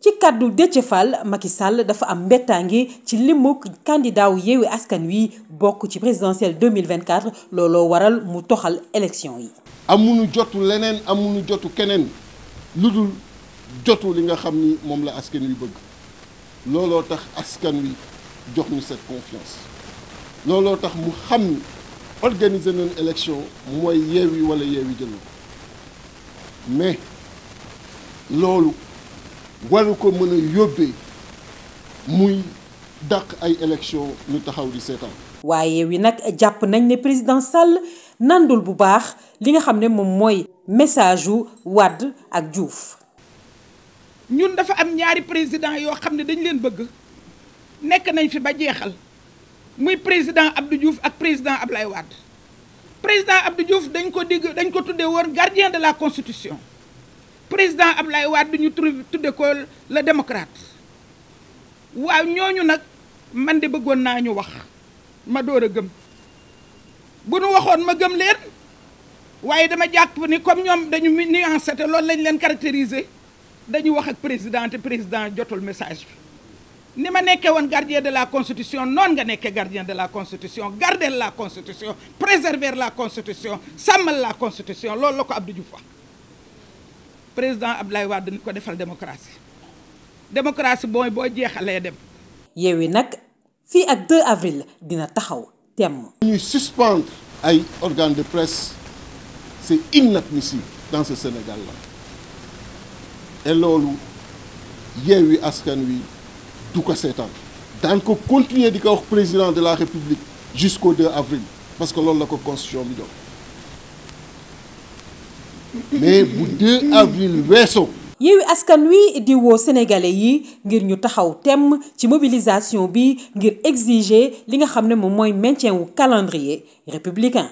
ci kàddu Déthié Fall Macky dafa am mbettaange ci limuk candidat wu yeewi askan wi bokk ci présidentielle 2024 looloo waral mu toxal élection yi amunu jotu leneen amunu jotu keneen lu dul jotu li nga xam ni moom la askan wi bëgg looloo tax askan wi jox ñu cette confiance looloo tax mu xam ni organiser nañ élection mooy Yewwi wala Yewwi jël mais loolu waru ko mën a yóbbee muy dàq ay élection ñu taxaw di seetaan. waaye wi nag jàpp nañ ne président Sall nandul bu baax li nga xam ne moom mooy message wu Wade ak juuf ñun dafa am ñaari président yoo xam ne dañ leen bëgg nekk nañ fi ba jeexal. muy président Abdou Diouf ak président Ablaye Wade président Abdou Diouf dañ ko digg dañ ko tuddee woon gardien de la constitution président Ablaye Wade ñu tuddee ko le démocrate waaw ñooñu nag man de bëggoon naa ñu wax ma door a gëm bu nu waxoon ma gëm leen waaye dama jàpp ni comme ñoom dañu nuancé te loolu lañ leen caractériser dañu wax ak président te président jotul message bi ni ma nekkee woon gardien de la constitution noonu nga nekkee gardien de la constitution garder la constitution préserver la constitution sàmmal la constitution loolu la ko Abdou Diouf wax président Abdoulaye Wade ni ko defal démocratie démocratie booy boo jeexalee dem. yi nag fii ak 2 avril dina taxaw temm. ñuy suspendre ay organe de presse c'est inadmissible dans ce Sénégal-là e loolu Yewwi Askan Wi. du ko seetaan daan ko continuer di ko wax président de la république jusqu'au avril parce que loolu la ko constitution bi jox mais bu avril weesoo. Yewwi Askan Wi di woo yi ngir ñu taxaw temm ci mobilisation bi ngir exiger li nga xam ne moom mooy maintien wu calendrier républicain.